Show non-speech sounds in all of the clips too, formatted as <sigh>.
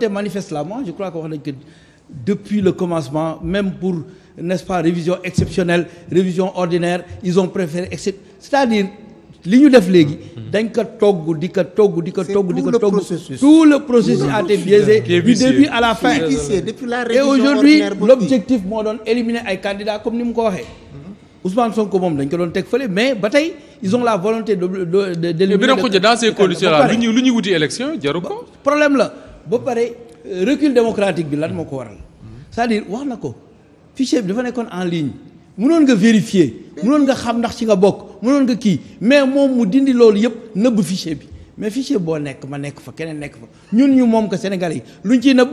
volonté manifeste là moi je crois que wax nañ que depuis le commencement même pour n'est-ce pas révision exceptionnelle révision ordinaire ils ont préféré except c'est-à-dire li ñu def léegi dañ ko togg di ko togg di ko togg di ko togg tout le processus a été biaisé du début à la fin et aujourd'hui l'objectif moo doon éliminer ay candidats comme ni mu ko waxee Ousmane Sonko moom dañ ko doon teg fële mais ba tey ils ont la volonté de de de d'éliminer dans ces conditions là lu ñuy lu problème la ba pare euh, recul démocratique bi lan moo ko waral c'est-à-dire wax na ko fichier bi dafa nekkoon en ligne mënoon nga vérifier mënoon nga xam ndax ci nga bokk mënoon nga kii mais moom mu dindi loolu yëpp nëbb fichier bi mais fichier boo nekk ma nekk fa keneen nekk fa ñun ñu moom ko Sénégalais yi luñ ciy nëbb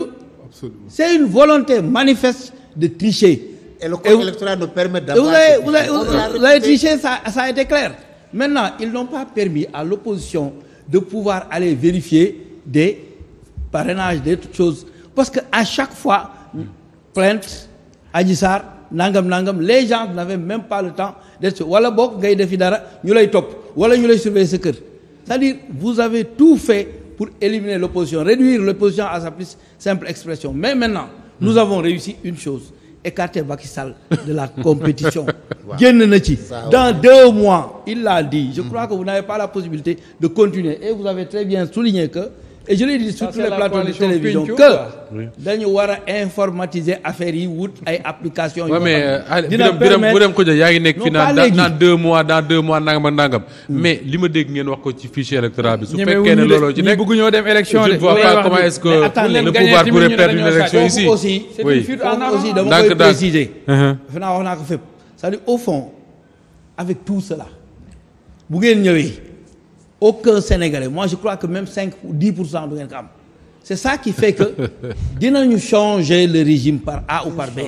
c'est une volonté manifeste de tricher et le code électoral nous permet d'avoir vous avez triché a été clair maintenant ils n'ont pas permis à l'opposition de pouvoir aller vérifier des parrainage de toutes choses parce que à chaque fois plainte Adji Sarr nangam nangam les gens n'avaient même pas le temps d'être wala boog ngay defi dara ñu lay top wala ñu lay surveiller sa kër c'est-à-dire vous avez tout fait pour éliminer l'opposition réduire l'opposition à sa plus simple expression mais maintenant nous hmm. avons réussi une chose écarter Macky Sall de la <laughs> compétition génn na ci dans deux mois il l'a dit je hmm. crois que vous n'avez pas la possibilité de continuer et vous avez très et je l'ai dañu war a informatiser affaires yi wut ay applications. yoo xam ne dina permettre Birame Khoudia yaa ngi nekk fi naan dans deux mois dans deux mois nangam ak mm. mais li ma dégg ngeen wax ko ci fichier électoral bi. su fekkee ne looloo ci nekk bëgguñoo dem élection de. je ne vois pas comment est-ce que le pouvoir pourrait perdre une élection ici. aussi c'est une fuite en dama koy préciser. defe uh-huh. naa wax naa ko fépp cest à au fond avec tout cela bu ngeen ñëwee. aucun Sénégalais moi je crois que même 5 ou 10 pour cent du ngeen ko am c'est ça qui fait que <laughs> dinañu changer le régime par A ou par B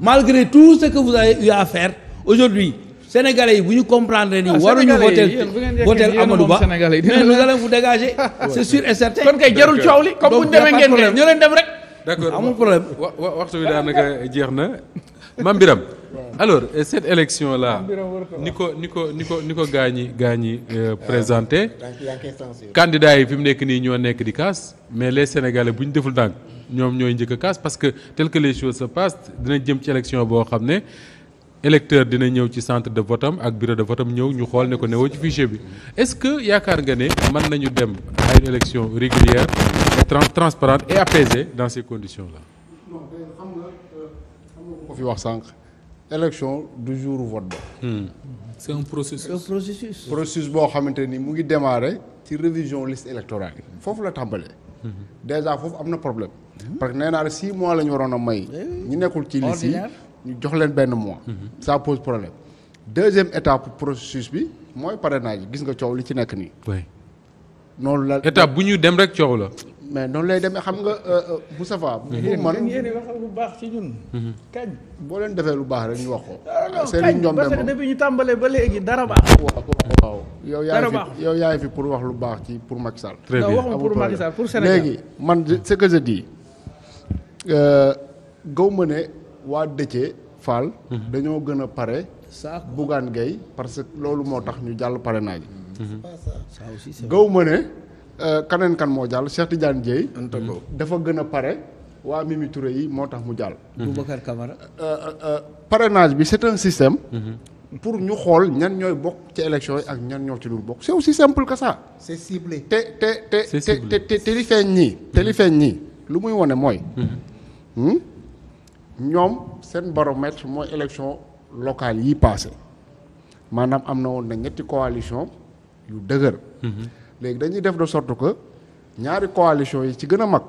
malgré tout ce que vous avez eu à faire aujourd'hui Sénégalais yi bu ñu comprendre ni waruñu voter voter Amadou Ba mais nous allons vous dégager c'est sûr et certain kon kay jarul coow li comme bu ñu demee ngeen ñu leen rek d'accord amul problème wa waxtu bi daanaka jeex na Mame Birame alors cette élection là ni ko ni ko ni ko ni ko gaa ñi gaa ñi euh, présenté candidat yi fi mu nekk nii ñoo nekk di kaas mais les sénégalais bu ñu deful ndànk ñoom ñooy njëkk a kaas parce que tel que les choses se passent dina jëm ci élection boo xam ne électeur dina ñëw ci centre de vote am ak bureau de vote am ñëw ñu xool ne ko newoo ci fichier bi est-ce que yaakaar nga ne mën nañu dem à une élection régulière et transparente et apaisée dans ces conditions-là. non tey euh, wax sànq. élection du jour vote ba. Hmm. c'est un processus. boo xamante ni mu ngi démarrer ci révision liste électorale yi. foofu la tàmbalee. Hmm. déjà foofu am na problème. parce que nee naa la six mois la ñu waroon a may. Eh ñu nekkul ci liste yi ñu jox leen benn mois. Mhm. ça pose problème deuxième étape processus bi mooy parrainage gis nga coow li ci nekk nii. noonu la étape bu ñu dem rek coow la. mais noonu lay demee xam nga euh, euh, Moustapha. bu mhm. man yéen baax ci mhm. boo leen defee lu baax rek ñu wax ko. Serigne Ndiombe moom parce ñu tàmbalee ba léegi dara baax. waaw yow yaay fi yow yaay fi pour wax lu baax ci pour Macky Sall. très bien waxuma pour Macky Sall pour Sénégal léegi man ce que je dis euh, gëw ma ne. waa Déthié Fall. Mhm. dañoo gën a pare. sax Bougane Gueye parce que loolu moo tax ñu jàll pare naa ji. gaw ma ne. Euh, kaneen kan moo jàll Cheikh Tidiane Dieye. dafa gën a pare. waa Mimi Touré yi moo tax mu jàll. Mhm. Boubacar Camara. Euh, euh, parrainage bi c'est un système. Mhm. pour ñu xool ñan ñooy bokk ci élection yi ak ñan ñoo ci dul bokk c'est aussi simple que ça. c'est ciblé. te te te te te te li feeñ ñii. te li feeñ ñii lu muy wone mooy. Hmm? ñoom seen baromètre mooy élection locale yi passé maanaam am na woon na ñetti coalition yu dëgër mm-hmm. léegi dañuy def de sorte que ñaari coalition yi ci gën a mag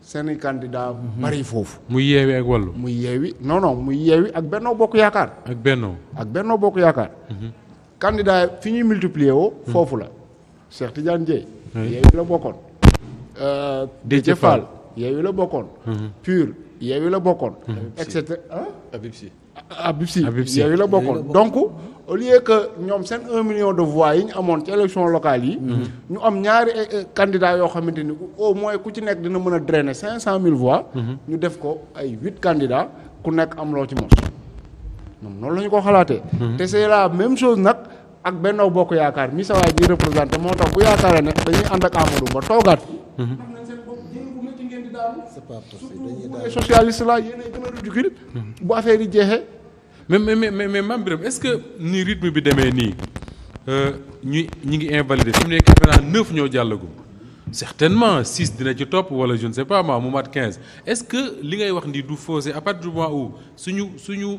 seeni candidat mm-hmm. bari foofu muy yeewi ak wàllu muy yeewi non non muy yeewi ak bennoo bokk yaakaar ak bennoo ak bennoo bokk yaakaar mm-hmm. candidat fi ñuy multiplier woo foofu la Cheikh Tidiane Dièye yeewi la bokkoon euh, Déthié Fall yeewi la bokkoon pur Yewwi la bokkoon. et a Habib Sy Habib Sy Yewwi la bokkoon donc au lieu que ñoom seen un million de voix yi ñu amoon ci élection locale yi. Mm-hmm. ñu am ñaari eh, eh, candidat yoo xamante ni au moins ku ci nekk dina mën a drainer cinq cent mille voix. Mm-hmm. ñu def ko ay huit candidats ku nekk am loo ci mos. noonu la ko xalaatee. Mm-hmm. te c'est la même chose nag ak Benno Bokk Yaakaar mi sa ji représenté moo tax bu a ne dañuy ànd ak Amadou Ba toogaat. table a gën a ridicule bu affaire yi jeexee mais mais mais mais Mame Birame est-ce que ni rythme bi demee nii euh, ñu ñi ngi invalider fi mu nekk maintenant neuf ñoo jàllagum certainement six dina ci topp wala je ne sais pas moi mu mat quinze est-ce que li ngay wax ni du faussé à partir du moment où suñu suñu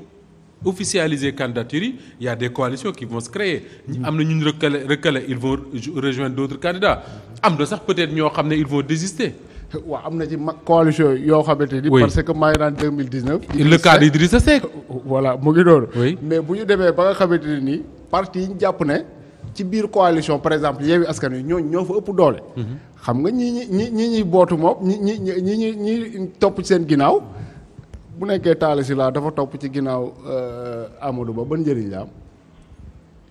officialiser candidature yi des coalitions qui vont se créer am na ñun recalé recalé ils vont rejoindre d'autres candidats am na sax peut-être ñoo xam ne ils vont désister waaw am na ci mag coalition yoo xamante ni. parce que maa ngi naan deux mille dix neuf. le cas d'Idrissa Seck. voilà mu ngi doon. mais bu ñu demee ba nga xamante ne parti yi ñu jàpp ne ci biir coalition par exemple Yewwi Askan yi ñooñ ñoo fa ëpp doole. Mhm. xam nga ñi ñi ñi ñi bootu moom ñi ñii ñi ñi topp ci seen ginnaaw bu nekkee Talla Sylla dafa topp ci ginnaaw euh, Amadou Ba ban njëriñ la am.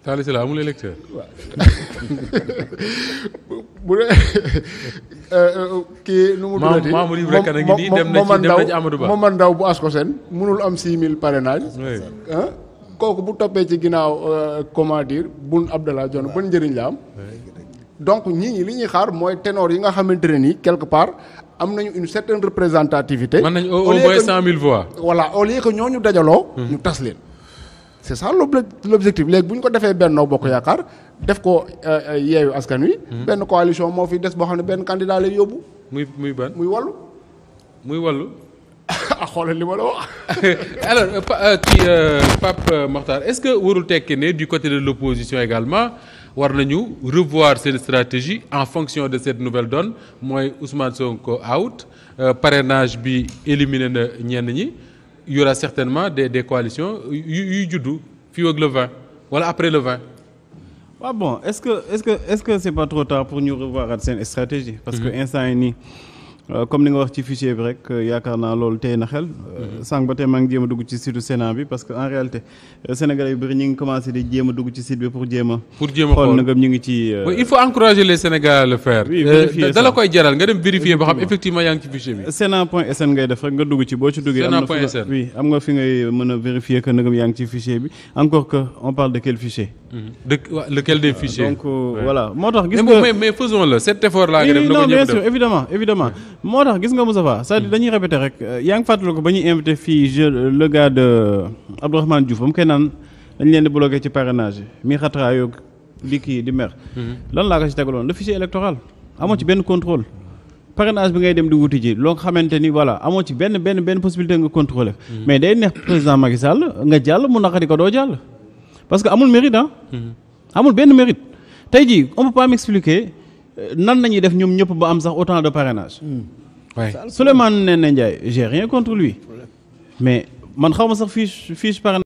Talla amul électeur. <laughs> bu dee <laughs> eh, kii nu mu tuddati Mamour Ibra Kane ngi nii dem na mënul am 6000 parrainage ah kooku bu toppee ci ginnaaw eh, comment dire Boun Abdallah Dionne ban njëriñ la am donc ñii ñi li ñuy xaar mooy ténor yi nga xamante ne nii quelque part am nañu une certaine représentativité mën nañu au moins 100000 voix voilà au lieu que ñooñu dajaloo hmm. ñu tas leen c' est ça l' objectif léegi bu ñu ko defee benn Bokk Yaakaar def ko euh, euh, yeewu askan wi. Hmm. benn coalition moo fi des boo xam ne benn candidat lay yóbbu. muy muy ban muy wàllu. muy wàllu. <laughs> ah xoolal li ma la wax. <laughs> alors ci euh, Pape est ce que warul tekki ne du côté de l' également war nañu revoir seen stratégie en fonction de cette nouvelle donne mooy Ousmane Sonko out parrainage bi éliminé na ñenn ñi. il y aura certainement des des coalitions yu yuy juddu fii ak le 20 wala après le 20. waaw ah bon est-ce que est-ce que est-ce que c'est pas trop tard pour ñu revoir seen stratégie. parce que mhm. instant yii nii. Euh, comme ni nga wax ci fichier bi rek euh, yaakaar naa loolu tey na xel. Euh, mhm. sànq ba tey maa ngi dugg ci site Sénat bi parce que en réalité sénégalais yu bëri ñu ngi commencé di jéem dugg ci site bi pour jéem pour jéem xool nag ñu ngi ci. il faut encourager koy jaral nga dem vérifier ba xam effectivement yaa ngi ci fichier bi. Sénat point sn ngay def nga dugg ci boo ci duggee. Sénat point sn oui am nga fi ngay mën ci fichier bi nga mais mais faisons le cet effort moo tax gis nga Moustapha c'est-à-dire hmm. dañuy répété rek euh, yaa ngi fàttaliku ko ba ñuy invité fii je euh, le gars de euh, Abdourahmane ba mu koy naan dañ leen di bloqué ci parrainage yi mi xatraayoo di kii di mer. Hmm. lan laa ko si tegaloon le fichier électoral amoo ci benn contrôle. parrainage bi ngay dem di wuti ji loo xamante ni voilà amoo ci benn benn benn possibilité nga contrôler hmm. mais day neex président Macky Sall nga jàll mu naqari ko doo jàll parce que amul mérite ah amul benn mérite tey jii on peut pas nan la ñuy def ñoom ñëpp ba am sax autant de parrainage. Hmm. oui Souleymane Ndéné contre lui. mais man xaw ma sax fiche fiche parrainage.